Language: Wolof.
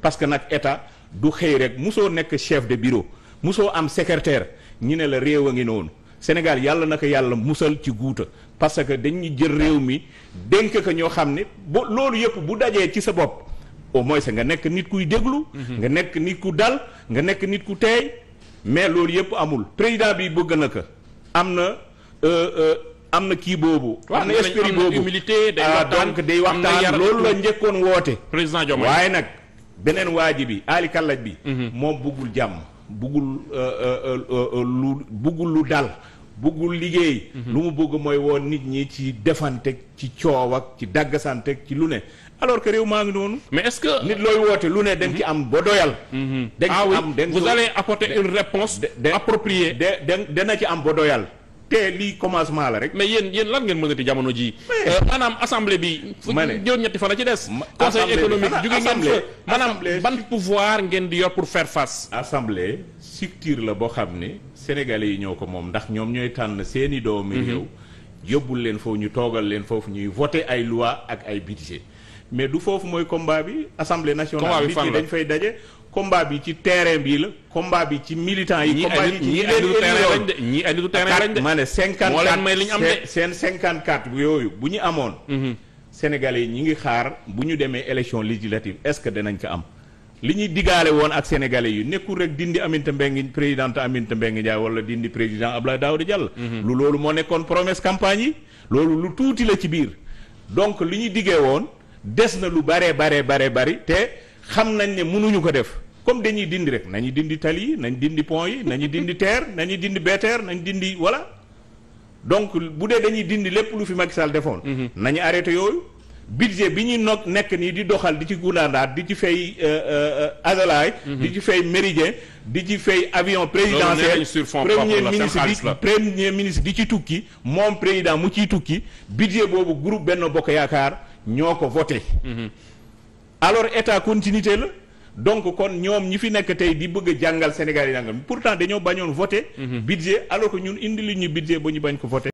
parce que nag état du xëy rek musoo nekk chef de bureau musoo am secrétaire ñu ne la réew a ngi noonu Sénégal yàlla na ko yàlla musal ci guuta parce que dañuy jël réew mi dénk ko ñoo xam ne ba loolu yëpp bu dajee ci sa bopp au moins nga nekk nit kuy déglu. Mhm. nga nekk nit ku dal nga nekk nit ku teey mais loolu yëpp amul président bi bëgg na ko am na. Euh, euh, am na kii boobu. am na esprit boobu humilité day ah, waxtaan donc day waxtaan loolu la njëkkoon woote. président Diomaye waaye nag. beneen waa ji bi aali kallaj bi. Mhm. moom buggul jàmm buggul euh, euh, euh, lu buggul lu dal buggul liggéey. Mhm. lu mu bëgg mooy woon nit ñi ci defante ci coow ak ci daggasante ci lu ne alors que réew maa ngi noonu. mais est-ce que nit looy woote lu ne dañ ci mhm. am ba doyal. dañ ah am dañ vous allez apporter une réponse appropriée. de dana ci am ba doyal. te lii commencement la rek. mais yéen yéen lan ngeen mënati jamono ji euh, maanaam assemblée bi. ma ne juróom-ñetti fan a ci des. conseil économique jóge ngeen fa maanaam ban pouvoir ngeen di yor pour faire face. assemblée structure la boo xam ne sénégalais yi ñoo ko moom ndax ñoom ñooy tànn seeni doomi mhm. réew yóbbul leen foofu ñu toogal leen foofu ñuy voté ay loi ak ay budget mais du foofu mooy combat bi assemblée nationale. bi dañ fay daje. combat bi ci terrain bii la combat bi ci militant yi. combat yi ñii ay nitu terrain lañ de ñii ay nitu terrain moo leen may li ñu am de seen 54 yooyu bu ñu amoon. Mhm. Sénégalais yi ñi ngi xaar bu ñu demee élection législative est-ce que danañ ko am. li ñuy digaale woon ak sénégalais yi nekkul rek dindi Aminata Mbengue présidente Aminata Mbengue Ndiaye wala dindi président Abdoulaye Daouda Diallo. Mhm. lu loolu moo nekkoon promesse campagne yi. loolu lu tuuti la ci biir donc li ñu diggee woon des na lu baree baree baree bari xam nañ ne mënuñu ko def comme dañuy dindi rek nañuy dindi tali yi nañ dindi pont yi nañu dindi terre nañu dindi BTR nañ dindi voilà donc bu dee dañuy dindi lépp lu fi Macky Sall defoon. Mhm. nañu arrêté yooyu. budget bi ñuy no nekk nii di doxal di ci gundaandaat di ci fay euh, euh, azalaay mhm. di ci fay méridien di ci fay avion présidentiel premier ministre di ministre di ci tukki moom président mu ciy tukki budget boobu groupe benn Bokk Yaakaar ñoo ko voté mhm. alors état continuité la donc kon ñoom ñi fi nekk tey di bëgg jàngal Sénégal yi nangam pourtant dañoo bañoon voté. Mhm. budget alors que ñun indi li ñu budget ba ñu bañ ko voté.